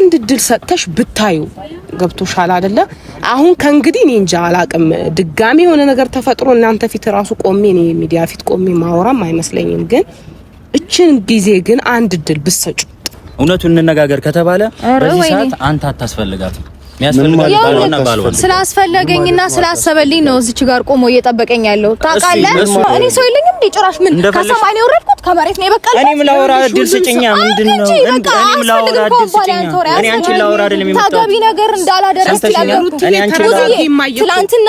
አንድ እድል ሰጥተሽ ብታዩ ገብቶሻል አይደለ? አሁን ከእንግዲህ እኔ እንጃ አላቅም። ድጋሚ የሆነ ነገር ተፈጥሮ እናንተ ፊት ራሱ ቆሜ ነው ሚዲያ ፊት ቆሜ ማወራም አይመስለኝም። ግን እችን ጊዜ ግን አንድ እድል ብትሰጩ እውነቱን እንነጋገር ከተባለ በዚህ ሰዓት አንተ አታስፈልጋትም። ስላስፈለገኝና ስላሰበልኝ ነው እዚች ጋር ቆሞ እየጠበቀኝ ያለው ታውቃለህ። እኔ ሰው የለኝም እንደ ጭራሽ ምን ከሰማይ ነው የወረድኩት ከመሬት ነው የበቀል። እኔም ላወራ እድል ስጭኛ። ምንድን ነው እኔም ላወራ እድል ስጭኛ። እኔ አንቺን ላወራ አይደለም የመጣሁት። ታገቢ ነገር እንዳላደረስ ያገሩት እኔ አንቺን ትላንትና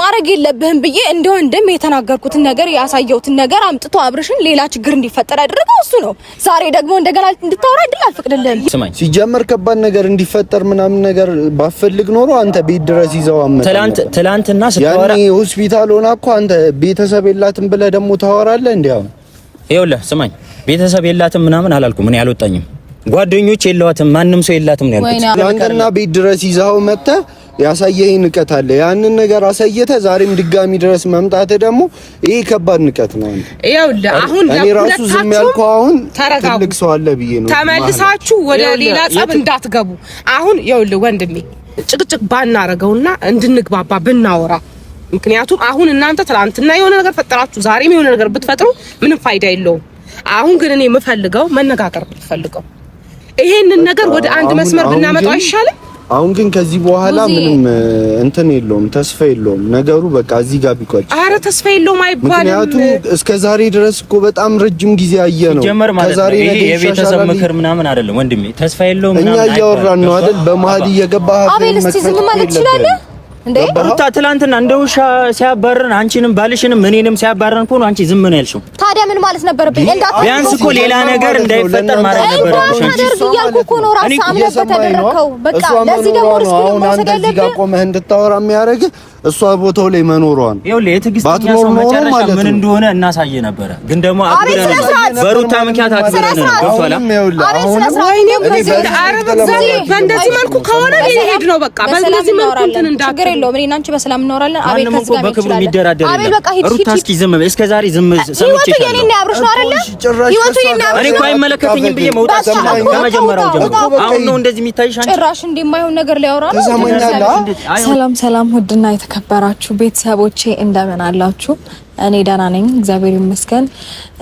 ማድረግ የለብህም ብዬ እንደው እንደም የተናገርኩትን ነገር ያሳየሁትን ነገር አምጥቶ አብርሽን ሌላ ችግር እንዲፈጠር ያደረገው እሱ ነው። ዛሬ ደግሞ እንደገና እንድታወራ እድል አልፈቅድልህም። ስማኝ፣ ሲጀመር ከባድ ነገር እንዲፈጠር ምናምን ነገር ባፈልግ ኖሮ አንተ ቤት ድረስ ይዘው አመጣ። ትላንት ትላንትና ስትወራ ያኔ ሆስፒታል ሆና እኮ አንተ ቤተሰብ የላትም ብለህ ደግሞ ታወራለህ እንዴ አሁን ይኸውልህ ስማኝ፣ ቤተሰብ የላትም ምናምን አላልኩም። እኔ አልወጣኝም። ጓደኞች የለዋትም፣ ማንም ሰው የላትም ነው ያልኩት። ትናንትና ቤት ድረስ ይዛው መጥተህ ያሳየህ ንቀት አለ። ያንን ነገር አሳየተ ዛሬም ድጋሚ ድረስ መምጣት ደግሞ ይሄ ከባድ ንቀት ነው። ይኸውልህ አሁን እኔ ራሱ ዝም ያልኩህ አሁን ትልቅ ሰው አለ ብዬ ነው። ተመልሳችሁ ወደ ሌላ ጸብ እንዳትገቡ። አሁን ይኸውልህ ወንድሜ ጭቅጭቅ ባናረገውና እንድንግባባ ብናወራ ምክንያቱም አሁን እናንተ ትላንትና የሆነ ነገር ፈጠራችሁ፣ ዛሬም የሆነ ነገር ብትፈጥሩ ምንም ፋይዳ የለውም። አሁን ግን እኔ የምፈልገው መነጋገር ብትፈልገው ይሄንን ነገር ወደ አንድ መስመር ብናመጣው አይሻልም? አሁን ግን ከዚህ በኋላ ምንም እንትን የለውም፣ ተስፋ የለውም ነገሩ። በቃ እዚህ ጋር ቢቆጭ። አረ ተስፋ የለውም አይባልም። ምክንያቱም እስከ ዛሬ ድረስ እኮ በጣም ረጅም ጊዜ አየ ነው ጀመር ማለት ነው። ይሄ የቤተሰብ ምክር ምናምን አይደለም ወንድሜ፣ ተስፋ የለውም። እኛ እያወራን ነው አይደል? በመሀል እየገባ አቤል፣ እስቲ ዝም ማለት ትችላለህ ሩታ ትላንትና እንደ ውሻ ሲያባረን አንቺንም ባልሽንም እኔንም ሲያባረን እኮ ነው አንቺ ዝም ነው ያልሽው። ታዲያ ምን ማለት ነበረብኝ? ቢያንስ እኮ ሌላ ነገር እንዳይፈጠር ማለት ነበረብሽ። እንዳታደርግ እያልኩ እኮ ነው። ራስህ አምነበት ያደረከው። በቃ ለዚህ ደግሞ ሪስክ ነው ሰደለብ እሷ ቦታው ላይ መኖሯን ይኸውልህ፣ የትዕግስተኛ ሰው መጨረሻ ምን እንደሆነ እናሳየ ነበረ። ግን ደግሞ በሩታ ምክንያት በእንደዚህ መልኩ ከሆነ ሄድ ነው በቃ በእንደዚህ መልኩ እንትን እንዳገር የለውም። እኔ እና አንቺ በሰላም እናወራለን። በክብሩ የሚደራደር ሩታ እስኪ ዝም በይ። እስከ ዛሬ ዝም ሰምቼ እኔ እኮ አይመለከተኝም ብዬ መውጣት ከመጀመሪያው ጀምሮ አሁን ነው እንደዚህ የሚታይሽ ጭራሽ እንደማይሆን ነገር ሊያወራ ነው። ሰላም ሰላም፣ ውድና የተከበራችሁ ቤተሰቦቼ እንደምን አላችሁ? እኔ ደህና ነኝ፣ እግዚአብሔር ይመስገን።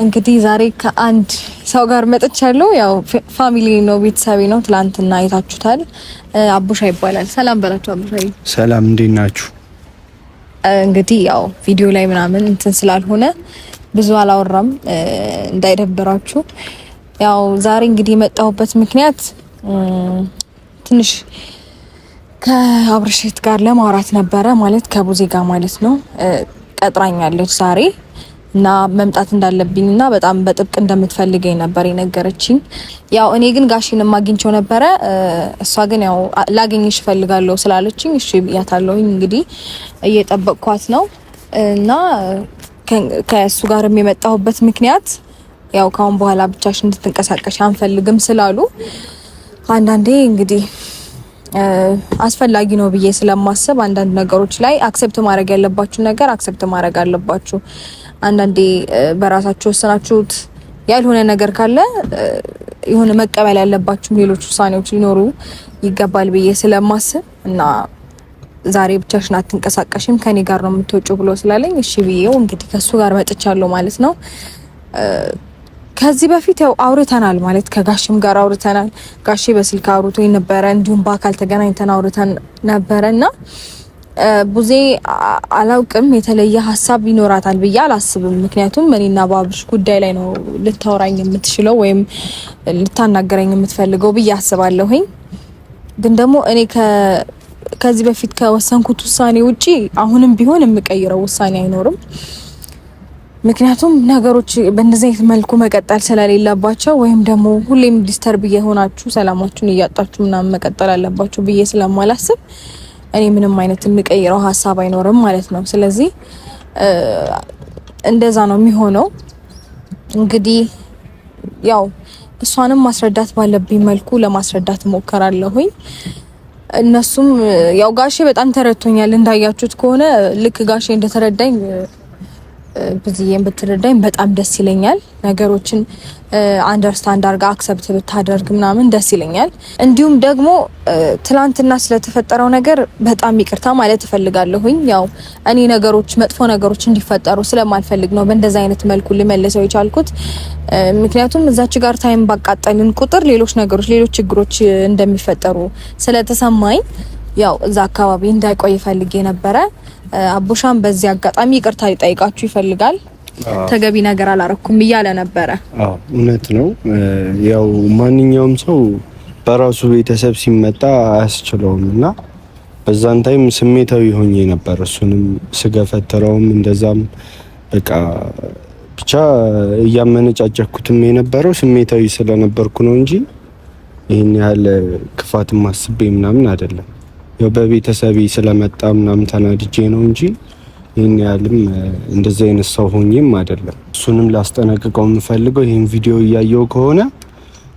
እንግዲህ ዛሬ ከአንድ ሰው ጋር መጥቻለሁ። ያው ፋሚሊ ነው፣ ቤተሰቤ ነው። ትላንትና አይታችሁታል። አቡሻ ይባላል። ሰላም በላችሁ። አቡሻ ሰላም፣ እንዴት ናችሁ? እንግዲህ ያው ቪዲዮ ላይ ምናምን እንትን ስላልሆነ ብዙ አላወራም፣ እንዳይደብራችሁ። ያው ዛሬ እንግዲህ የመጣሁበት ምክንያት ትንሽ ከአብርሽት ጋር ለማውራት ነበረ ማለት ከቡዜ ጋር ማለት ነው። ቀጥራኛለች ዛሬ እና መምጣት እንዳለብኝ እና በጣም በጥብቅ እንደምትፈልገኝ ነበር የነገረችኝ። ያው እኔ ግን ጋሽን ማግኝቸው ነበረ። እሷ ግን ያው ላገኝሽ እፈልጋለሁ ስላለችኝ እሺ ብያታለሁኝ። እንግዲህ እየጠበቅኳት ነው እና ከእሱ ጋር የመጣሁበት ምክንያት ያው ካሁን በኋላ ብቻሽ እንድትንቀሳቀሽ አንፈልግም ስላሉ አንዳንዴ እንግዲህ አስፈላጊ ነው ብዬ ስለማስብ አንዳንድ ነገሮች ላይ አክሰፕት ማድረግ ያለባችሁ ነገር አክሰፕት ማድረግ አለባችሁ። አንዳንዴ በራሳችሁ ወሰናችሁት ያልሆነ ነገር ካለ የሆነ መቀበል ያለባችሁም ሌሎች ውሳኔዎች ሊኖሩ ይገባል ብዬ ስለማስብ እና ዛሬ ብቻሽን አትንቀሳቀሽም ከኔ ጋር ነው የምትወጪው ብሎ ስላለኝ እሺ ብዬው እንግዲህ ከሱ ጋር መጥቻለሁ ማለት ነው። ከዚህ በፊት ያው አውርተናል ማለት ከጋሽም ጋር አውርተናል። ጋሼ በስልክ አውርቶ ነበረ፣ እንዲሁም በአካል ተገናኝተን አውርተን ነበረ እና ቡዜ አላውቅም የተለየ ሀሳብ ይኖራታል ብዬ አላስብም። ምክንያቱም እኔና በአብርሽ ጉዳይ ላይ ነው ልታወራኝ የምትችለው ወይም ልታናገረኝ የምትፈልገው ብዬ አስባለሁኝ። ግን ደግሞ እኔ ከዚህ በፊት ከወሰንኩት ውሳኔ ውጪ አሁንም ቢሆን የምቀይረው ውሳኔ አይኖርም። ምክንያቱም ነገሮች በእንደዚህ አይነት መልኩ መቀጠል ስለሌለባቸው ወይም ደግሞ ሁሌም ዲስተርብ እየሆናችሁ ሰላማችሁን እያጣችሁ ምናምን መቀጠል አለባችሁ ብዬ ስለማላስብ እኔ ምንም አይነት የምቀይረው ሀሳብ አይኖርም ማለት ነው። ስለዚህ እንደዛ ነው የሚሆነው። እንግዲህ ያው እሷንም ማስረዳት ባለብኝ መልኩ ለማስረዳት ሞከራለሁኝ። እነሱም ያው ጋሼ በጣም ተረድቶኛል። እንዳያችሁት ከሆነ ልክ ጋሼ እንደተረዳኝ ብዬ ብትረዳኝ በጣም ደስ ይለኛል። ነገሮችን አንደርስታንድ አርጋ አክሰብት ብታደርግ ምናምን ደስ ይለኛል። እንዲሁም ደግሞ ትላንትና ስለተፈጠረው ነገር በጣም ይቅርታ ማለት እፈልጋለሁኝ። ያው እኔ ነገሮች መጥፎ ነገሮች እንዲፈጠሩ ስለማልፈልግ ነው በእንደዛ አይነት መልኩ ልመልሰው የቻልኩት። ምክንያቱም እዛች ጋር ታይም ባቃጠልን ቁጥር ሌሎች ነገሮች፣ ሌሎች ችግሮች እንደሚፈጠሩ ስለተሰማኝ ያው እዛ አካባቢ እንዳይቆይ ፈልጌ ነበረ። አቦሻም በዚህ አጋጣሚ ይቅርታ ሊጠይቃችሁ ይፈልጋል። ተገቢ ነገር አላረኩም እያለ ነበረ። እውነት ነው። ያው ማንኛውም ሰው በራሱ ቤተሰብ ሲመጣ አያስችለውም እና በዛን ታይም ስሜታዊ ሆኜ ነበር። እሱንም ስገፈትረውም እንደዛም በቃ ብቻ እያመነጫጨኩትም የነበረው ስሜታዊ ስለነበርኩ ነው እንጂ ይህን ያህል ክፋት ማስቤ ምናምን አይደለም። ያው በቤተሰቤ ስለመጣ ምናምን ተናድጄ ነው እንጂ ይህን ያህልም እንደዚህ አይነት ሰው ሆኜም አይደለም። እሱንም ላስጠነቅቀው የምፈልገው ይህን ቪዲዮ እያየው ከሆነ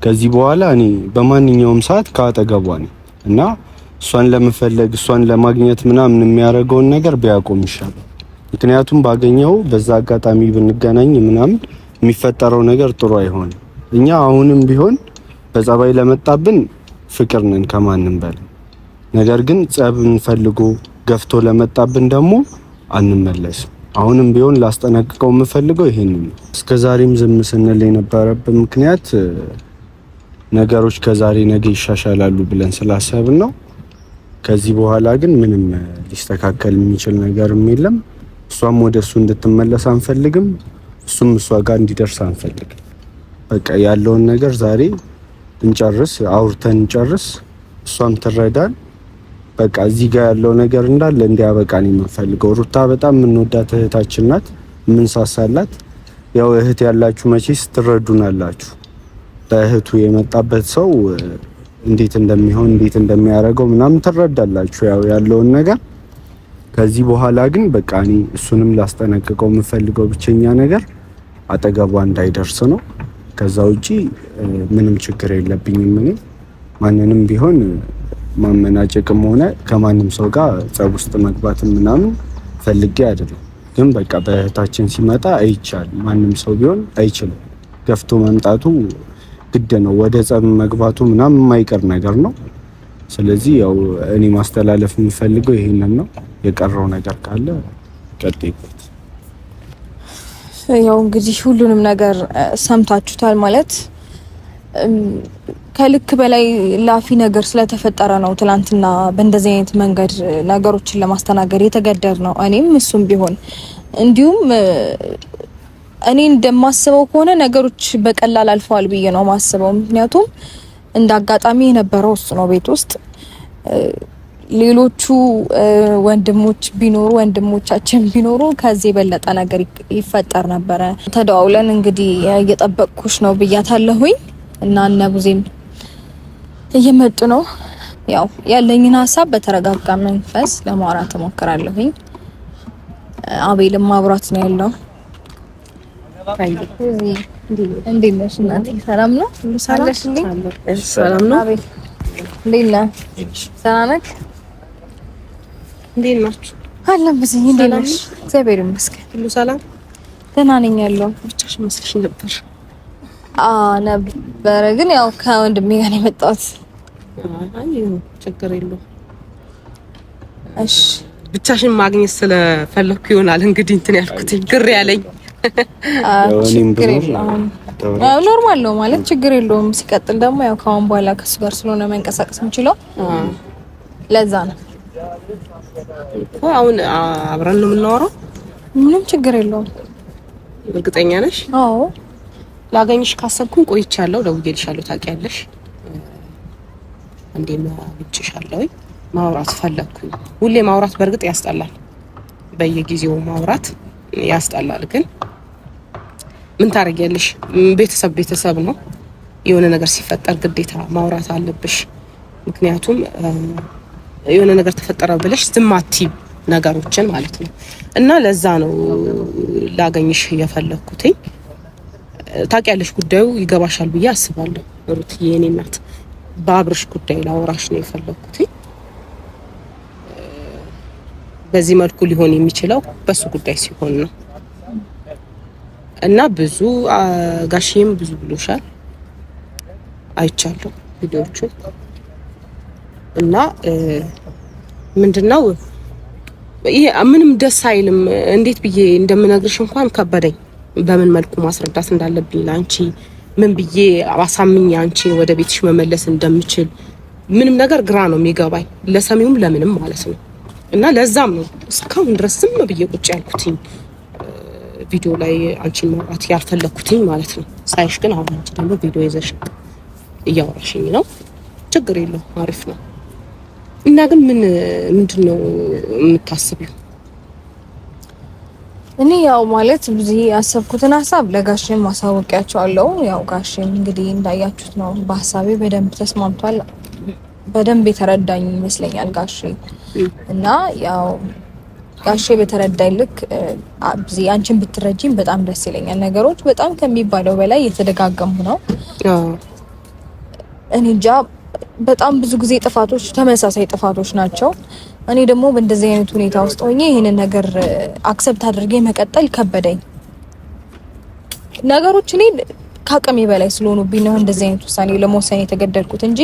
ከዚህ በኋላ እኔ በማንኛውም ሰዓት ከአጠገቧ ነኝ እና እሷን ለመፈለግ እሷን ለማግኘት ምናምን የሚያደርገውን ነገር ቢያቆም ይሻላል። ምክንያቱም ባገኘው በዛ አጋጣሚ ብንገናኝ ምናምን የሚፈጠረው ነገር ጥሩ አይሆንም። እኛ አሁንም ቢሆን በጸባይ ለመጣብን ፍቅር ነን ከማንም በላይ ነገር ግን ጸብን ፈልጎ ገፍቶ ለመጣብን ደግሞ አንመለስም። አሁንም ቢሆን ላስጠነቅቀው የምፈልገው ይሄን ነው። እስከዛሬም ዝም ስንል የነበረብን ምክንያት ነገሮች ከዛሬ ነገ ይሻሻላሉ ብለን ስላሰብን ነው። ከዚህ በኋላ ግን ምንም ሊስተካከል የሚችል ነገርም የለም። እሷም ወደ እሱ እንድትመለስ አንፈልግም፣ እሱም እሷ ጋር እንዲደርስ አንፈልግም። በቃ ያለውን ነገር ዛሬ እንጨርስ፣ አውርተን እንጨርስ። እሷም ትረዳል። በቃ እዚህ ጋር ያለው ነገር እንዳለ እንዲያበቃ ነው የምንፈልገው። ሩታ በጣም የምንወዳት እህታችን ናት፣ የምንሳሳላት። ያው እህት ያላችሁ መቼስ ትረዱናላችሁ። በእህቱ የመጣበት ሰው እንዴት እንደሚሆን እንዴት እንደሚያደርገው ምናምን ትረዳላችሁ ያው ያለውን ነገር። ከዚህ በኋላ ግን በቃ እኔ እሱንም ላስጠነቅቀው የምፈልገው ብቸኛ ነገር አጠገቧ እንዳይደርስ ነው። ከዛ ውጪ ምንም ችግር የለብኝም እኔ ማንንም ቢሆን ማመናጨቅም ሆነ ከማንም ሰው ጋር ጸብ ውስጥ መግባትም ምናምን ፈልጌ አይደለም። ግን በቃ በእህታችን ሲመጣ አይቻል ማንም ሰው ቢሆን አይችልም። ገፍቶ መምጣቱ ግድ ነው። ወደ ጸብ መግባቱ ምናምን የማይቀር ነገር ነው። ስለዚህ ያው እኔ ማስተላለፍ የምፈልገው ይሄንን ነው። የቀረው ነገር ካለ ቀጥይበት። ያው እንግዲህ ሁሉንም ነገር ሰምታችሁታል ማለት ከልክ በላይ ላፊ ነገር ስለተፈጠረ ነው ትናንትና በእንደዚህ አይነት መንገድ ነገሮችን ለማስተናገድ የተገደር ነው። እኔም እሱም ቢሆን እንዲሁም እኔ እንደማስበው ከሆነ ነገሮች በቀላል አልፈዋል ብዬ ነው ማስበው። ምክንያቱም እንደ አጋጣሚ የነበረው እሱ ነው ቤት ውስጥ ሌሎቹ ወንድሞች ቢኖሩ ወንድሞቻችን ቢኖሩ ከዚህ የበለጠ ነገር ይፈጠር ነበረ። ተደዋውለን እንግዲህ እየጠበቅኩሽ ነው ብያታለሁኝ። እና እነ ቡዜም እየመጡ ነው። ያው ያለኝን ሀሳብ በተረጋጋ መንፈስ ለማውራት እሞክራለሁኝ። አቤልም ማብራት ነው ያለው። እንዴት ነሽ ሰላም ነው? ሰላም ነው? እንዴት ነህ? ሰላም ነህ? እንዴት ናችሁ? አለን ብዙኝ። እንዴት ነሽ? እግዚአብሔር ሰላም ሁሉ ሰላም። ደህና ነኝ ያለው ብቻሽ መስልሽ ነበር ነበረ ግን ያው ከወንድሜ ጋር የመጣሁት ችግር የለውም። እሺ ብቻሽን ማግኘት ስለፈለኩ ይሆናል እንግዲህ እንትን ያልኩት ግር ያለኝ ኖርማል ነው ማለት ችግር የለውም። ሲቀጥል ደግሞ ያው ከአሁን በኋላ ከሱ ጋር ስለሆነ መንቀሳቀስ የምችለው ለዛ ነው። አሁን አብረን ነው የምናወራው። ምንም ችግር የለውም። እርግጠኛ ነሽ? አዎ ላገኝሽ ካሰብኩኝ ቆይቻለሁ። ደውዬልሻለሁ፣ ታውቂያለሽ። እንዴ ማግጭሻለሁ። ማውራት ፈለግኩኝ። ሁሌ ማውራት በእርግጥ ያስጠላል፣ በየጊዜው ማውራት ያስጠላል። ግን ምን ታደርጊያለሽ? ቤተሰብ ቤተሰብ ነው። የሆነ ነገር ሲፈጠር ግዴታ ማውራት አለብሽ። ምክንያቱም የሆነ ነገር ተፈጠረ ብለሽ ዝም አትይም ነገሮችን ማለት ነው። እና ለዛ ነው ላገኝሽ የፈለግኩትኝ ታውቂያለሽ፣ ጉዳዩ ይገባሻል ብዬ አስባለሁ። ሩት የኔ እናት፣ በአብርሽ ጉዳይ ላወራሽ ነው የፈለኩት። በዚህ መልኩ ሊሆን የሚችለው በሱ ጉዳይ ሲሆን ነው እና ብዙ ጋሽም ብዙ ብሎሻል፣ አይቻለሁ ቪዲዮቹ እና ምንድነው ይሄ ምንም ደስ አይልም። እንዴት ብዬ እንደምነግርሽ እንኳን ከበደኝ። በምን መልኩ ማስረዳት እንዳለብኝ ለአንቺ ምን ብዬ አሳምኝ አንቺ ወደ ቤትሽ መመለስ እንደምችል ምንም ነገር ግራ ነው የሚገባኝ፣ ለሰሚውም ለምንም ማለት ነው። እና ለዛም ነው እስካሁን ድረስ ዝም ብዬ ቁጭ ያልኩትኝ ቪዲዮ ላይ አንቺን ማውራት ያልፈለግኩትኝ ማለት ነው። ሳይሽ ግን አሁን አንቺ ደግሞ ቪዲዮ ይዘሽ እያወራሽኝ ነው። ችግር የለው አሪፍ ነው። እና ግን ምን ምንድን ነው የምታስቢው? እኔ ያው ማለት ብዙ ያሰብኩትን ሀሳብ ለጋሽም ማሳወቂያቸዋለሁ። ያው ጋሽም እንግዲህ እንዳያችሁት ነው፣ በሀሳቤ በደንብ ተስማምቷል። በደንብ የተረዳኝ ይመስለኛል ጋሽ እና ያው ጋሼ በተረዳኝ ልክ ብዙ አንቺን ብትረጂኝ በጣም ደስ ይለኛል። ነገሮች በጣም ከሚባለው በላይ የተደጋገሙ ነው። እኔ እንጃ በጣም ብዙ ጊዜ ጥፋቶች ተመሳሳይ ጥፋቶች ናቸው። እኔ ደግሞ በእንደዚህ አይነት ሁኔታ ውስጥ ሆኜ ይህንን ነገር አክሰብት አድርጌ መቀጠል ከበደኝ። ነገሮች እኔ ከአቅሜ በላይ ስለሆኑብኝ ነው እንደዚህ አይነት ውሳኔ ለመወሰን የተገደድኩት እንጂ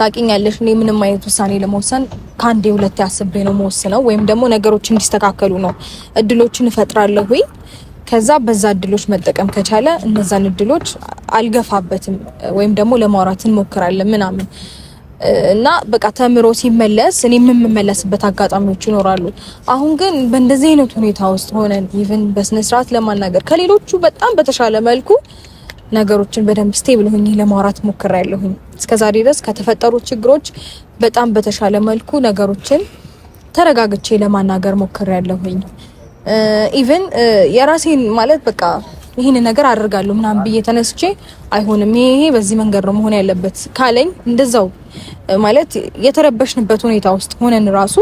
ታውቂኛለሽ፣ እኔ ምንም አይነት ውሳኔ ለመወሰን ከአንዴ ሁለቴ አስቤ ነው መወስነው፣ ወይም ደግሞ ነገሮች እንዲስተካከሉ ነው። እድሎችን እፈጥራለሁ ወይ ከዛ በዛ እድሎች መጠቀም ከቻለ እነዛን እድሎች አልገፋበትም፣ ወይም ደግሞ ለማውራት እንሞክራለን ምናምን እና በቃ ተምሮ ሲመለስ እኔ የምመለስበት አጋጣሚዎች ይኖራሉ። አሁን ግን በእንደዚህ አይነት ሁኔታ ውስጥ ሆነን ኢቭን በስነ ስርዓት ለማናገር ከሌሎቹ በጣም በተሻለ መልኩ ነገሮችን በደንብ ስቴብል ሆኜ ለማውራት ሞክሬያለሁኝ። እስከዛሬ ድረስ ከተፈጠሩ ችግሮች በጣም በተሻለ መልኩ ነገሮችን ተረጋግቼ ለማናገር ሞክሬያለሁኝ። ኢቭን የራሴን ማለት በቃ ይህን ነገር አደርጋለሁ ምናምን ብዬ ተነስቼ አይሆንም፣ ይሄ በዚህ መንገድ ነው መሆን ያለበት ካለኝ እንደዛው ማለት የተረበሽንበት ሁኔታ ውስጥ ሆነን ራሱ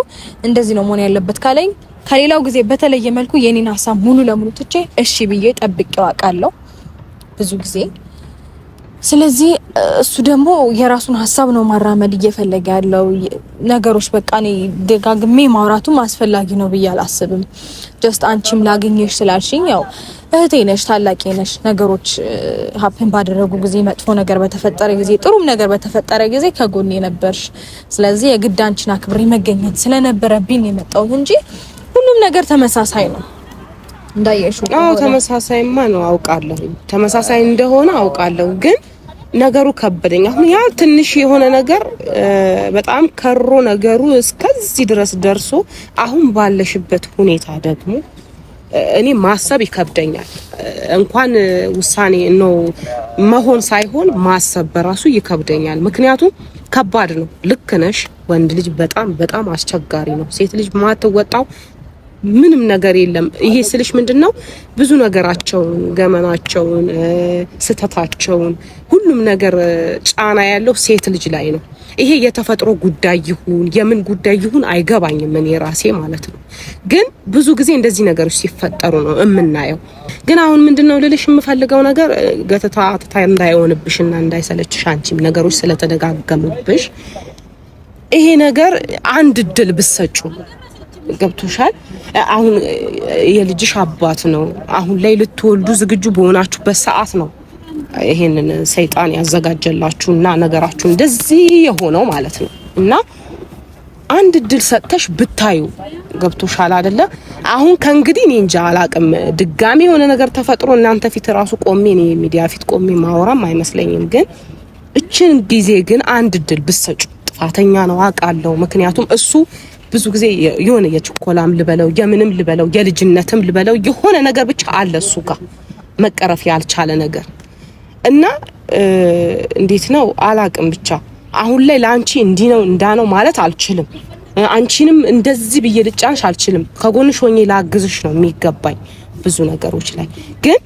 እንደዚህ ነው መሆን ያለበት ካለኝ ከሌላው ጊዜ በተለየ መልኩ የኔን ሀሳብ ሙሉ ለሙሉ ትቼ እሺ ብዬ ጠብቄ አውቃለሁ ብዙ ጊዜ ስለዚህ እሱ ደግሞ የራሱን ሀሳብ ነው ማራመድ እየፈለገ ያለው ነገሮች። በቃ እኔ ደጋግሜ ማውራቱም አስፈላጊ ነው ብዬ አላስብም። ጀስት አንቺም ላገኘሽ ስላልሽኝ ያው እህቴ ነሽ፣ ታላቂ ነሽ። ነገሮች ሀፕን ባደረጉ ጊዜ፣ መጥፎ ነገር በተፈጠረ ጊዜ፣ ጥሩም ነገር በተፈጠረ ጊዜ ከጎን የነበርሽ ስለዚህ የግድ አንቺን አክብሬ መገኘት ስለነበረብኝ የመጣሁት እንጂ ሁሉም ነገር ተመሳሳይ ነው። እንዳየሽው። አዎ፣ ተመሳሳይማ ነው አውቃለሁ። ተመሳሳይ እንደሆነ አውቃለሁ፣ ግን ነገሩ ከበደኝ። አሁን ያ ትንሽ የሆነ ነገር በጣም ከሮ ነገሩ እስከዚህ ድረስ ደርሶ አሁን ባለሽበት ሁኔታ ደግሞ እኔ ማሰብ ይከብደኛል። እንኳን ውሳኔ ነው መሆን ሳይሆን ማሰብ በራሱ ይከብደኛል። ምክንያቱም ከባድ ነው። ልክ ነሽ። ወንድ ልጅ በጣም በጣም አስቸጋሪ ነው። ሴት ልጅ ማትወጣው ምንም ነገር የለም። ይሄ ስልሽ ምንድን ነው ብዙ ነገራቸውን፣ ገመናቸውን፣ ስተታቸውን ሁሉም ነገር ጫና ያለው ሴት ልጅ ላይ ነው። ይሄ የተፈጥሮ ጉዳይ ይሁን የምን ጉዳይ ይሁን አይገባኝም፣ እኔ ራሴ ማለት ነው። ግን ብዙ ጊዜ እንደዚህ ነገሮች ሲፈጠሩ ነው የምናየው። ግን አሁን ምንድነው ልልሽ የምፈልገው ነገር ገተታ ትታ እንዳይሆንብሽና እንዳይሰለችሽ አንቺም ነገሮች ስለተደጋገሙብሽ ይሄ ነገር አንድ እድል ብሰጩ ገብቶሻል። አሁን የልጅሽ አባት ነው። አሁን ላይ ልትወልዱ ዝግጁ በሆናችሁበት ሰዓት ነው ይሄንን ሰይጣን ያዘጋጀላችሁ እና ነገራችሁ እንደዚህ የሆነው ማለት ነው እና አንድ እድል ሰጥተሽ ብታዩ ገብቶሻል አደለ? አሁን ከእንግዲህ እኔ እንጃ አላቅም። ድጋሚ የሆነ ነገር ተፈጥሮ እናንተ ፊት ራሱ ቆሜ እኔ ሚዲያ ፊት ቆሜ ማወራም አይመስለኝም። ግን እችን ጊዜ ግን አንድ እድል ብሰጩ ጥፋተኛ ነው አውቃለሁ። ምክንያቱም እሱ ብዙ ጊዜ የሆነ የችኮላም ልበለው የምንም ልበለው የልጅነትም ልበለው የሆነ ነገር ብቻ አለ እሱ ጋር መቀረፍ ያልቻለ ነገር እና እንዴት ነው አላቅም። ብቻ አሁን ላይ ለአንቺ እንዲህ ነው እንዳ ነው ማለት አልችልም። አንቺንም እንደዚህ ብዬ ልጫንሽ አልችልም። ከጎንሽ ሆኜ ላግዝሽ ነው የሚገባኝ ብዙ ነገሮች ላይ ግን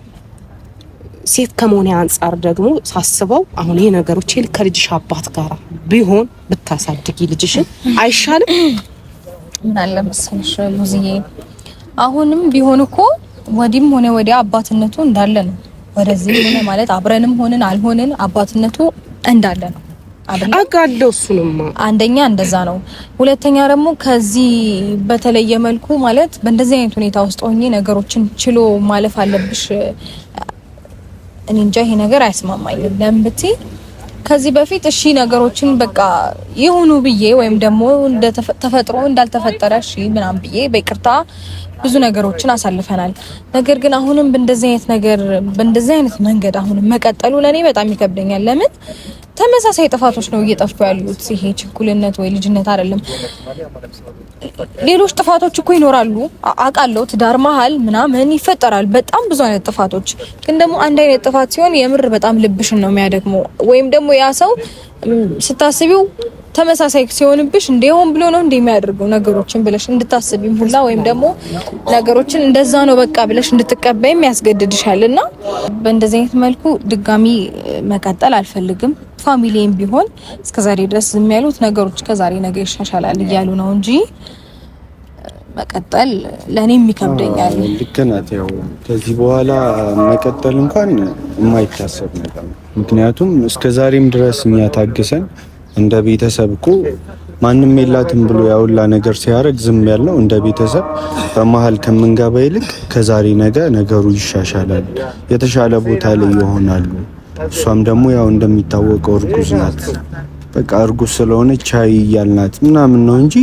ሴት ከመሆን አንጻር ደግሞ ሳስበው አሁን ይሄ ነገሮች ከልጅሽ አባት ጋር ቢሆን ብታሳድጊ ልጅሽን አይሻልም? ምን አለ መሰለሽ ሙዚዬ፣ አሁንም ቢሆን እኮ ወዲም ሆነ ወዲያ አባትነቱ እንዳለ ነው። ወደዚህ ሆነ ማለት አብረንም ሆንን አልሆንን አባትነቱ እንዳለ ነው። አጋለው እሱንማ፣ አንደኛ እንደዛ ነው። ሁለተኛ ደግሞ ከዚህ በተለየ መልኩ ማለት በእንደዚህ አይነት ሁኔታ ውስጥ ሆኜ ነገሮችን ችሎ ማለፍ አለብሽ። እኔ እንጃ ይሄ ነገር አይስማማኝም ለምን ብትይ ከዚህ በፊት እሺ ነገሮችን በቃ ይሁኑ ብዬ ወይም ደግሞ ተፈጥሮ እንዳልተፈጠረ እሺ ምናምን ብዬ በይቅርታ ብዙ ነገሮችን አሳልፈናል። ነገር ግን አሁንም በእንደዚህ አይነት ነገር በእንደዚህ አይነት መንገድ አሁንም መቀጠሉ ለእኔ በጣም ይከብደኛል። ለምን ተመሳሳይ ጥፋቶች ነው እየጠፉ ያሉት። ይሄ ችኩልነት ወይ ልጅነት አይደለም። ሌሎች ጥፋቶች እኮ ይኖራሉ አውቃለሁ። ትዳር መሀል ምናምን ይፈጠራል በጣም ብዙ አይነት ጥፋቶች። ግን ደግሞ አንድ አይነት ጥፋት ሲሆን የምር በጣም ልብሽን ነው የሚያደግመው። ወይም ደግሞ ያ ሰው ስታስቢው ተመሳሳይ ሲሆንብሽ እንደሆን ብሎ ነው እንደሚያደርገው ነገሮችን ብለሽ እንድታስቢም ሁላ ወይም ደግሞ ነገሮችን እንደዛ ነው በቃ ብለሽ እንድትቀበይም ያስገድድሻል። እና በእንደዚህ አይነት መልኩ ድጋሚ መቀጠል አልፈልግም። ፋሚሊም ቢሆን እስከዛሬ ድረስ ዝም ያሉት ነገሮች ከዛሬ ነገ ይሻሻላል እያሉ ነው እንጂ መቀጠል ለእኔም ይከብደኛል። ልክ ናት። ያው ከዚህ በኋላ መቀጠል እንኳን የማይታሰብ ነገር ነው። ምክንያቱም እስከዛሬም ድረስ የሚያታግሰን እንደ ቤተሰብ እኮ ማንም የላትም ብሎ ያውላ ነገር ሲያደርግ ዝም ያለው እንደ ቤተሰብ በመሀል ከምንገባ ይልቅ ከዛሬ ነገ ነገሩ ይሻሻላል፣ የተሻለ ቦታ ላይ ይሆናሉ እሷም ደግሞ ያው እንደሚታወቀው እርጉዝ ናት። በቃ እርጉዝ ስለሆነች ቻይ እያልናት ምናምን ነው እንጂ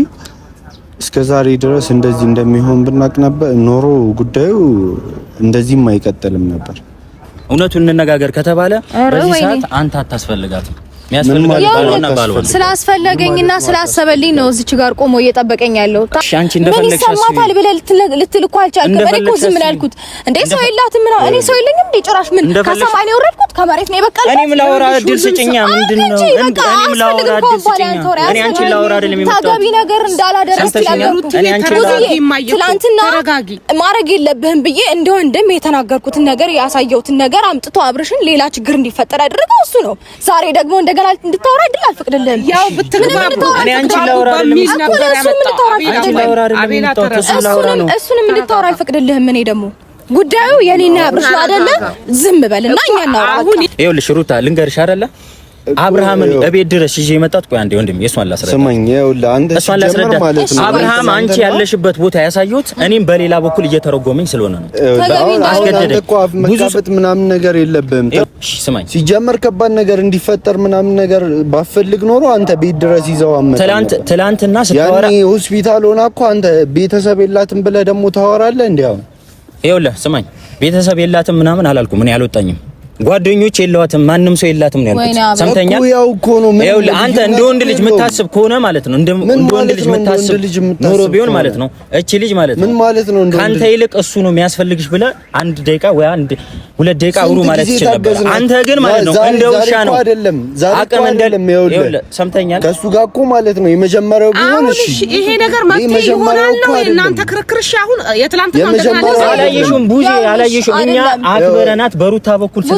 እስከ ዛሬ ድረስ እንደዚህ እንደሚሆን ብናቅ ነበር ኖሮ ጉዳዩ እንደዚህም አይቀጥልም ነበር። እውነቱን እንነጋገር ከተባለ በዚህ ሰዓት አንተ አታስፈልጋትም። ስላስፈለገኝና ስላሰበልኝ ነው እዚች ጋር ቆሞ እየጠበቀኝ ያለው። ምን ይሰማታል ብለህ ልትል እኮ አልቻልክም። እኔ እኮ ዝም ያልኩት እንዴ ሰው የላትም ነው እኔ ሰው የለኝም እንዴ ጭራሽ። ምን ከሰማይ ነው የወረድኩት ከመሬት ነው የበቀልኩት። እኔም ላወራ እድል ስጭኛ። ምንድን ነው እኔም ላወራ እድል ስጭኛ። እኔ አንቺን ላወራ አይደል የሚመጣው ታጋቢ ነገር እንዳላደረስ ትላለህ። ትላንትና ማድረግ የለብህም ብዬ እንደ ወንድም የተናገርኩትን ነገር ያሳየሁትን ነገር አምጥቶ አብርሽን ሌላ ችግር እንዲፈጠር ያደረገው እሱ ነው። ዛሬ ደግሞ እንደ ነገር እንድታወራ እድል አልፈቅድልህም። ያው እኔ አንቺን ላወራ አይደለም እሱንም እንድታወራ አልፈቅድልህም። እኔ ደግሞ ጉዳዩ የኔና አብርሽ አይደለ፣ ዝም በልና እኛ እናወራ። ይኸውልሽ ሩታ ልንገርሽ አይደለ አብርሃምን እቤት ድረስ ይዤ የመጣት ቆይ አንዴ ወንድም የእሷን ላስረዳት ስማኝ ይኸውልህ አንድ እሷን ላስረዳት አብርሃም አንቺ ያለሽበት ቦታ ያሳየሁት እኔም በሌላ በኩል እየተረጎመኝ ስለሆነ ነው አስገደደኝ ብዙ ምናምን ነገር የለብህም ስማኝ ሲጀመር ከባድ ነገር እንዲፈጠር ምናምን ነገር ባፈልግ ኖሮ አንተ ቤት ድረስ ይዘው አመጣ ትላንት ትላንትና ስታወራ ያኔ ሆስፒታል ሆና እኮ አንተ ቤተሰብ የላትም ብለህ ደግሞ ታወራለህ እንዴ አሁን ይኸውልህ ስማኝ ቤተሰብ የላትም ምናምን አላልኩም እኔ አልወጣኝም ጓደኞች የለዋትም፣ ማንም ሰው የላትም ነው ያልኩት። ሰምተኛል። ያው እኮ ነው አንተ እንደ ወንድ ልጅ የምታስብ ከሆነ ማለት ነው እንደ ወንድ ልጅ የምታስብ ኖሮ ቢሆን ማለት ነው እቺ ልጅ ማለት ነው ምን ማለት ነው ከአንተ ይልቅ እሱ ነው የሚያስፈልግሽ ብለህ አንድ ደቂቃ ወይ አንድ ሁለት ደቂቃ አውሩ ማለት ይችላል ነበር። አንተ ግን ማለት ነው እንደ ውሻ ነው አይደለም፣ አቅም እንደለም። ይኸውልህ ሰምተኛል። ከእሱ ጋር እኮ ማለት ነው የመጀመሪያው ቢሆን እሺ፣ ይሄ ነገር መፍትሄ ይሆናል ነው እናንተ ክርክርሽ። አሁን የትላንትና አላየሽውም? ቡዜ አላየሽውም? እኛ አክብረናት በሩታ በኩል ስለ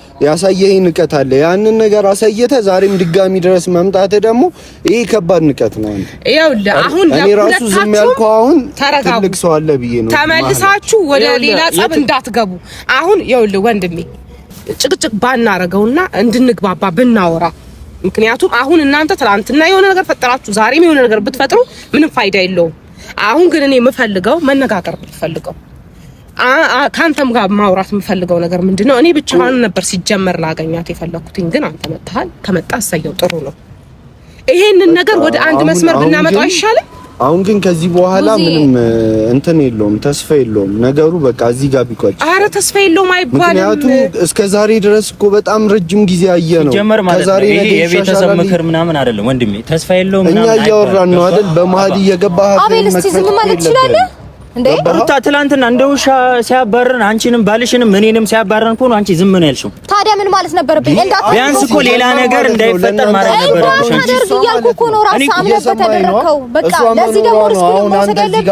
ያሳየህ ንቀት አለ። ያንን ነገር አሳየተ ዛሬም ድጋሚ ድረስ መምጣት ደግሞ ይሄ ከባድ ንቀት ነው። ይኸውልህ አሁን እኔ ራሱ ዝም ያልኩህ አሁን ትልቅ ሰው አለ ብዬ ነው። ተመልሳችሁ ወደ ሌላ ጸብ እንዳትገቡ። አሁን ይኸውልህ ወንድሜ ጭቅጭቅ ባናረገውና እንድንግባባ ብናወራ ምክንያቱም አሁን እናንተ ትናንትና የሆነ ነገር ፈጠራችሁ፣ ዛሬም የሆነ ነገር ብትፈጥሩ ምንም ፋይዳ የለውም። አሁን ግን እኔ የምፈልገው መነጋገር ብትፈልገው ከአንተም ጋር ማውራት የምፈልገው ነገር ምንድን ነው? እኔ ብቻዋን ነበር ሲጀመር ላገኛት የፈለግኩትኝ፣ ግን አንተ መጥተሃል። ከመጣ አሳየው ጥሩ ነው። ይሄንን ነገር ወደ አንድ መስመር ብናመጣው አይሻልም? አሁን ግን ከዚህ በኋላ ምንም እንትን የለውም፣ ተስፋ የለውም ነገሩ። በቃ እዚህ ጋር ቢቆጭ። አረ ተስፋ የለውም አይባልም። ምክንያቱም እስከ ዛሬ ድረስ እኮ በጣም ረጅም ጊዜ አየ ነው ጀመር ማለት ነው። ይሄ የቤተሰብ ምክር ምናምን አይደለም ወንድሜ፣ ተስፋ የለውም ምናምን እኛ እያወራን ነው አይደል? በመሀል እየገባህ አቤል፣ እስቲ ዝም ማለት ትችላለህ ሩታ ትላንትና እንደ ውሻ ሲያባረን አንቺንም ባልሽንም እኔንም ሲያባረን እኮ ነው አንቺ ዝም ነው ያልሽው። ታዲያ ምን ማለት ነበረብኝ? ቢያንስ እኮ ሌላ ነገር እንዳይፈጠር ማለት ነበረብሽ። እንዳታደርግ እያልኩ እኮ ነው። ራስ አምነበት ያደረከው። በቃ ለዚህ ደግሞ ሪስክ ነው ሰደለለ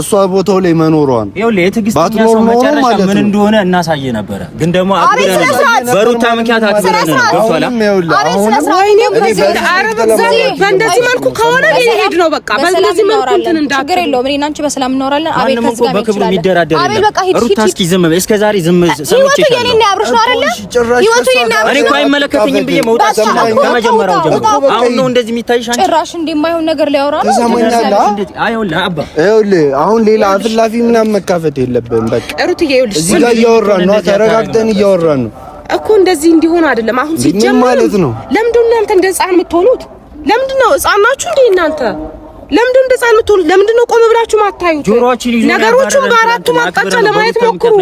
እሷ ቦታው ላይ መኖሯን ይኸውልህ፣ የትዕግስት ሰው መጨረሻ ምን እንደሆነ እናሳየ ነበረ። ግን ደግሞ በሩታ ምክንያት አክብረን ነው ገብቷል። በእንደዚህ መልኩ ከሆነ ሄድ ነው በቃ በእንደዚህ መልኩ እንትን እንዳትል ችግር የለውም። እኔ እና አንቺ በሰላም እናወራለን። አቤል ከዚህ ጋር በክብሩ የሚደራደር ሩታ እስኪ ዝም በይ። እስከ ዛሬ ዝም ሰምቼ ይሄን ነው አብርሽ ነው አይደለ? እኔ እኮ አይመለከተኝም ብዬ መውጣት ከመጀመሪያው ጀምሮ አሁን ነው እንደዚህ የሚታይሽ አንቺ ጭራሽ እንደማይሆን ነገር ላይ አባ ነው አሁን ሌላ አፍላፊ ምናምን መካፈት የለብህም። በቃ ሩትዬ፣ ይኸውልሽ እዚህ ጋር እያወራን ነው፣ ተረጋግተን እያወራን ነው እኮ። እንደዚህ እንዲሆን አይደለም። አሁን ሲጀምር ማለት ነው። ለምንድን ነው እናንተ እንደ ሕፃን የምትሆኑት? ለምንድን ነው ሕፃን ናችሁ እንደ እናንተ ለምንድን እንደዛ የምትሆኑ? ለምንድን ነው ቆም ብላችሁ ማታዩት? ነገሮቹን በአራቱም አቅጣጫ ለማየት ሞክሩ።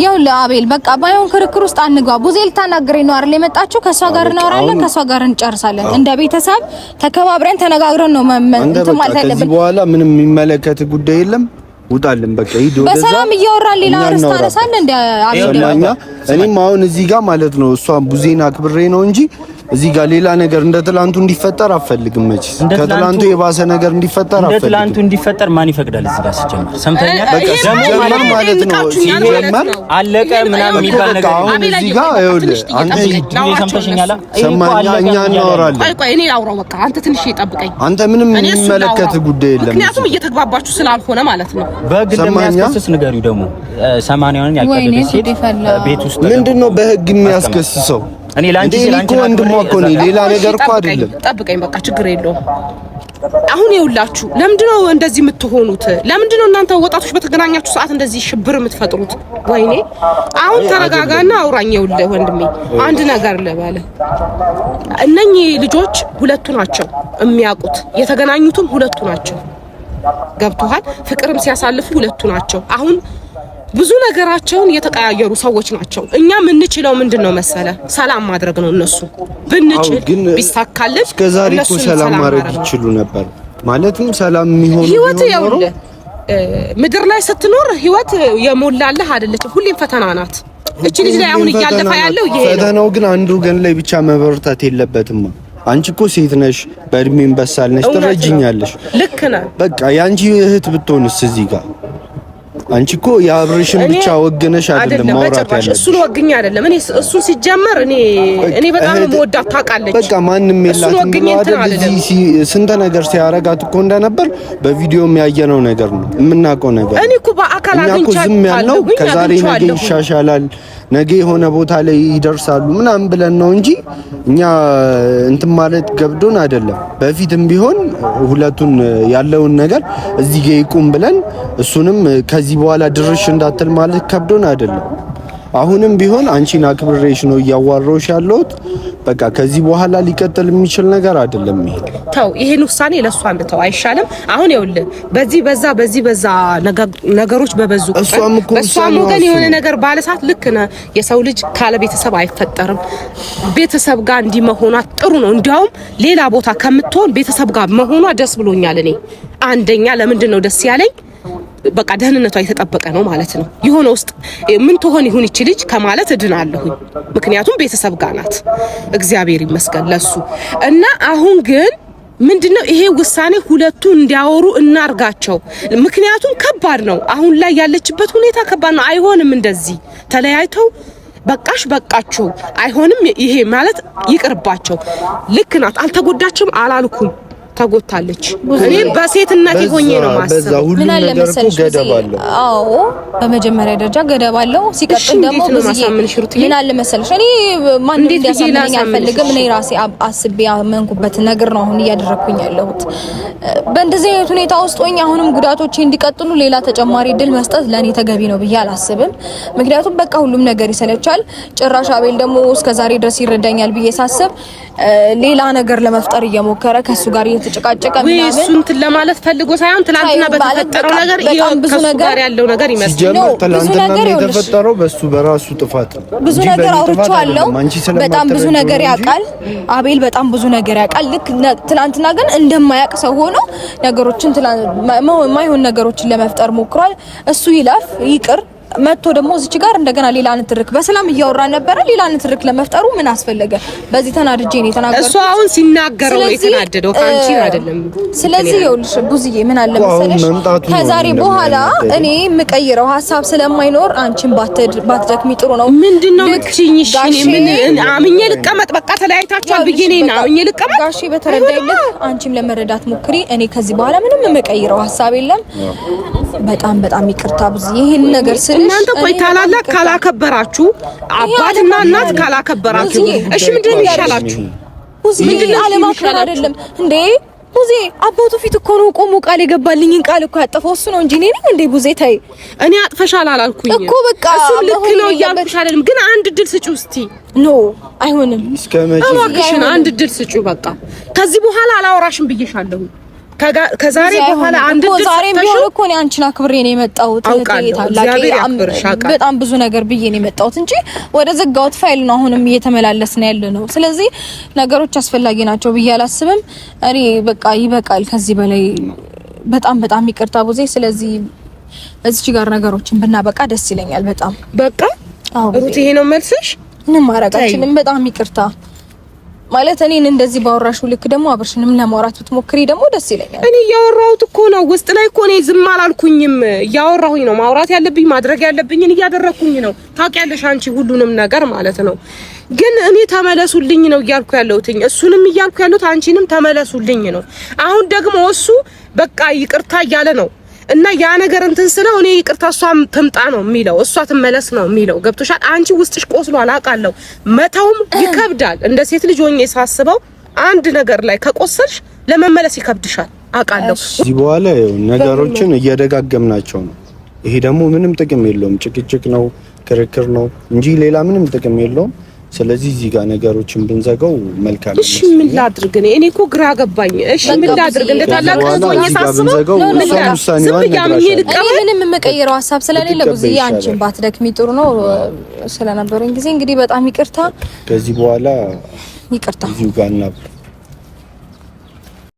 ይኸውልህ ለአቤል በቃ ባይሆን ክርክር ውስጥ አንግባ። ቡዜ ልታናግረኝ ነው አይደል የመጣችሁ? ከሷ ጋር እናወራለን፣ ከሷ ጋር እንጨርሳለን። እንደ ቤተሰብ ተከባብረን ተነጋግረን ነው እንትን ማለት አለብን። ከዚህ በኋላ ምንም የሚመለከት ጉዳይ የለም። ውጣልን በቃ ሂድ። ወደዛ በሰላም እያወራን ሌላ ርስት አነሳለን እንደ አቤል። እኔም አሁን እዚህ ጋር ማለት ነው እሷ ቡዜና ክብሬ ነው እንጂ እዚህ ጋር ሌላ ነገር እንደ ትላንቱ እንዲፈጠር አፈልግም። መቼ ከትላንቱ የባሰ ነገር እንዲፈጠር አፈልግም። እንደ ትላንቱ እንዲፈጠር ማን ይፈቅዳል? እዚህ ጋር ሲጀምር ሰምተኛል። ሲጀመር ማለት ነው ሲጀመር አለቀ ምናምን የሚባል ነገር አሁን እዚህ ጋር ይኸውልህ፣ አንተ ሰምተሽኛል። እኛ እናወራለን። ቆይ ቆይ እኔ አውራው በቃ አንተ ትንሽ ይጠብቀኝ። አንተ ምንም የሚመለከት ጉዳይ የለም። ምክንያቱም እየተግባባችሁ ስላልሆነ ማለት ነው። በግ ለሚያስከስስ ንገሪው ደግሞ ሰማንያውን ያልቀደደ ሴት ቤት ውስጥ ምንድን ነው በህግ የሚያስከስሰው? እኔ ላንቺ ስላንቺ ወንድሟ እኮ ነኝ። ሌላ ነገር እኮ አይደለም። ጠብቀኝ በቃ ችግር የለውም። አሁን ይኸውላችሁ፣ ለምንድነው እንደዚህ የምትሆኑት? ለምንድነው እናንተ ወጣቶች በተገናኛችሁ ሰዓት እንደዚህ ሽብር የምትፈጥሩት? ወይኔ አሁን ተረጋጋና አውራኝ። ይኸውልህ ወንድሜ አንድ ነገር ልበል፣ እነኚህ ልጆች ሁለቱ ናቸው የሚያውቁት፣ የተገናኙትም ሁለቱ ናቸው። ገብቶሃል? ፍቅርም ሲያሳልፉ ሁለቱ ናቸው አሁን ብዙ ነገራቸውን የተቀያየሩ ሰዎች ናቸው። እኛ የምንችለው ምንድን ነው መሰለ ሰላም ማድረግ ነው። እነሱ ብንችል ቢሳካልን እስከዛሬ እኮ ሰላም ማድረግ ይችሉ ነበር። ማለትም ሰላም የሚሆኑ ህይወት ይኸውልህ፣ ምድር ላይ ስትኖር ህይወት የሞላልህ አይደለችም። ሁሌም ፈተና ናት። እቺ ልጅ ላይ አሁን እያለፈ ያለው ይሄ ፈተናው ግን አንድ ወገን ላይ ብቻ መበርታት የለበትም። አንቺ እኮ ሴት ነሽ፣ በእድሜም በሳል ነሽ፣ ትረጅኛለሽ። ልክ ነህ። በቃ የአንቺ እህት ብትሆንስ እዚህ ጋር አንቺ እኮ የአብርሽን ብቻ ወገነሽ አይደለም ማውራት ያለሽ። እሱን ወግኝ አይደለም እኔ እሱ ሲጀመር እኔ እኔ በጣም የምወዳት ታውቃለች። በቃ ማንም የላትም አይደል? ስንት ነገር ሲያረጋት እኮ እንደነበር በቪዲዮም ያየነው ነገር ነው የምናውቀው ነገር። እኔ እኮ በአካል አግኝቻለሁ። ዝም ያልነው ከዛሬ ነገ ይሻሻላል፣ ነገ የሆነ ቦታ ላይ ይደርሳሉ ምናምን ብለን ነው እንጂ እኛ እንትን ማለት ገብዶን አይደለም። በፊትም ቢሆን ሁለቱን ያለውን ነገር እዚህ ጋር ይቁም ብለን እሱንም ከዚህ ከዚህ በኋላ ድርሽ እንዳትል ማለት ከብዶን አይደለም። አሁንም ቢሆን አንቺን አክብሬሽ ነው እያዋራሁሽ ያለሁት። በቃ ከዚህ በኋላ ሊቀጥል የሚችል ነገር አይደለም። ይሄ ተው፣ ይሄን ውሳኔ ለእሷ እንድተው አይሻልም? አሁን ይኸውልህ በዚህ በዛ በዚህ በዛ ነገሮች በበዙ እሷም ወገን የሆነ ነገር ባለሳት ልክ ነህ። የሰው ልጅ ካለ ቤተሰብ አይፈጠርም። ቤተሰብ ጋር እንዲህ መሆኗ ጥሩ ነው። እንዲያውም ሌላ ቦታ ከምትሆን ቤተሰብ ጋር መሆኗ ደስ ብሎኛል። እኔ አንደኛ ለምንድን ነው ደስ ያለኝ በቃ ደህንነቷ የተጠበቀ ነው ማለት ነው። የሆነ ውስጥ ምን ትሆን ይሁን ይች ልጅ ከማለት እድን አለሁኝ። ምክንያቱም ቤተሰብ ጋር ናት። እግዚአብሔር ይመስገን ለሱ እና አሁን ግን ምንድነው ይሄ ውሳኔ ሁለቱ እንዲያወሩ እናርጋቸው። ምክንያቱም ከባድ ነው፣ አሁን ላይ ያለችበት ሁኔታ ከባድ ነው። አይሆንም እንደዚህ ተለያይተው በቃሽ በቃቸው አይሆንም። ይሄ ማለት ይቅርባቸው። ልክ ናት። አልተጎዳችም አላልኩም። ተጎታለች። እኔ በሴትነት የሆኜ ነው ማሰብ። ምን አለ መሰለሽ ገደብ አለው። አዎ በመጀመሪያ ደረጃ ገደብ አለው። ሲቀጥል ደግሞ ምን አለ መሰለሽ እኔ ማን እንዲያሳምነኝ አልፈልግም። እኔ ራሴ አስቤ ያመንኩበት ነገር ነው አሁን እያደረኩኝ ያለሁት። በእንደዚህ አይነት ሁኔታ ውስጥ ሆኜ አሁንም ጉዳቶች እንዲቀጥሉ ሌላ ተጨማሪ ድል መስጠት ለእኔ ተገቢ ነው ብዬ አላስብም። ምክንያቱም በቃ ሁሉም ነገር ይሰለቻል። ጭራሽ አቤል ደግሞ እስከዛሬ ድረስ ይረዳኛል ብዬ ሳስብ ሌላ ነገር ለመፍጠር እየሞከረ ከእሱ ጋር እየተጨቃጨቀ እንትን ለማለት ፈልጎ ሳይሆን ትናንትና በተፈጠረው ነገር ብዙ ነገር ያለው ነገር ትናንትና የተፈጠረው በሱ በራሱ ጥፋት ብዙ ነገር አውርቼዋለሁ። በጣም ብዙ ነገር ያውቃል አቤል፣ በጣም ብዙ ነገር ያውቃል። ልክ ትናንትና ግን እንደማያውቅ ሰው ሆኖ ነገሮችን ማይሆን ነገሮችን ለመፍጠር ሞክሯል። እሱ ይለፍ ይቅር መጥቶ ደግሞ እዚች ጋር እንደገና ሌላ ንትርክ በሰላም እያወራ ነበረ። ሌላ ንትርክ ለመፍጠሩ ምን አስፈለገ? በዚህ ተናድጄ ነው የተናገርኩት። እሱ አሁን ሲናገረው ነው የተናደደው ካንቺ አይደለም። ስለዚህ ይኸውልሽ ብዙዬ ምን አለ መሰለሽ ከዛሬ በኋላ እኔ የምቀይረው ሀሳብ ስለማይኖር አንቺን ባትደክሚ ጥሩ ነው። ምንድነው ልትችኝ? እሺ ምን አምኜ ልቀመጥ? በቃ ተለያይታችኋል ብዬ ነው አምኜ ልቀመጥ። ጋሼ በተረዳይ አንቺም ለመረዳት ሞክሪ። እኔ ከዚህ በኋላ ምንም የምቀይረው ሀሳብ የለም። በጣም በጣም ይቅርታ ብዙዬ ይሄን ነገር ስለ እናንተ ቆይ ታላላቅ ካላከበራችሁ፣ አባትና እናት ካላከበራችሁ፣ እሺ ምንድን ነው ይሻላችሁ? ምንድን ነው አለማክበር አይደለም እንዴ? ቡዜ አባቱ ፊት እኮ ነው ቆሞ ቃል የገባልኝን ቃል እኮ ያጠፈው እሱ ነው እንጂ እኔ ነኝ እንዴ? ቡዜ ታይ፣ እኔ አጥፈሻል አላልኩኝ እኮ በቃ እሱ ልክ ነው እያልኩሽ አይደለም፣ ግን አንድ ድል ስጪው እስቲ። ኖ አይሆንም፣ እባክሽን አንድ ድል ስጪው በቃ። ከዚህ በኋላ አላወራሽም ብዬሻለሁ። ከዛሬ በኋላ አንድ ዛሬ ቢሆን እኮ እኔ አንቺን አክብሬ ነው የመጣሁት። በጣም ብዙ ነገር ብዬ ነው የመጣሁት እንጂ ወደ ዘጋሁት ፋይል ነው አሁንም እየተመላለስ ነው ያለ ነው። ስለዚህ ነገሮች አስፈላጊ ናቸው ብዬ አላስብም። እኔ በቃ ይበቃል ከዚህ በላይ በጣም በጣም ይቅርታ ቡዜ። ስለዚህ እዚች ጋር ነገሮችን ብናበቃ ደስ ይለኛል። በጣም በቃ ሩት፣ ይሄ ነው መልስሽ? ምንም ማድረግ በጣም ይቅርታ ማለት እኔን እንደዚህ ባወራሽው ልክ ደግሞ አብርሽንም ለማውራት ብትሞክሪ ደግሞ ደስ ይለኛል። እኔ እያወራሁት እኮ ነው፣ ውስጥ ላይ እኮ እኔ ዝም አላልኩኝም። እያወራሁኝ ነው፣ ማውራት ያለብኝ ማድረግ ያለብኝን እያደረግኩኝ ነው። ታውቂያለሽ አንቺ ሁሉንም ነገር ማለት ነው። ግን እኔ ተመለሱልኝ ነው እያልኩ ያለሁት፣ እሱንም እያልኩ ያለሁት አንቺንም ተመለሱልኝ ነው። አሁን ደግሞ እሱ በቃ ይቅርታ እያለ ነው እና ያ ነገር እንትን ስለው እኔ ይቅርታ እሷም ትምጣ ነው የሚለው፣ እሷ ትመለስ ነው የሚለው። ገብቶሻል? አንቺ ውስጥሽ ቆስሏል አውቃለሁ። መተውም ይከብዳል። እንደ ሴት ልጅ ሆኜ ሳስበው አንድ ነገር ላይ ከቆሰልሽ ለመመለስ ይከብድሻል አውቃለሁ። እዚህ በኋላ ነገሮችን እየደጋገምናቸው ነው። ይሄ ደግሞ ምንም ጥቅም የለውም። ጭቅጭቅ ነው፣ ክርክር ነው እንጂ ሌላ ምንም ጥቅም የለውም። ስለዚህ እዚህ ጋር ነገሮችን ብንዘጋው መልካም። እሺ ምን ላድርግ? እኔ እኔ እኮ ግራ ገባኝ። እሺ ምን ላድርግ? እንደ ታላቅ ሆኜ ሳስበው ምንም የምቀይረው ሀሳብ ስለሌለ ብዙዬ አንቺን ባትደክሚ ጥሩ ነው። ስለነበረኝ ጊዜ እንግዲህ በጣም ይቅርታ። ከዚህ በኋላ ይቅርታ እዚሁ ጋር እናብ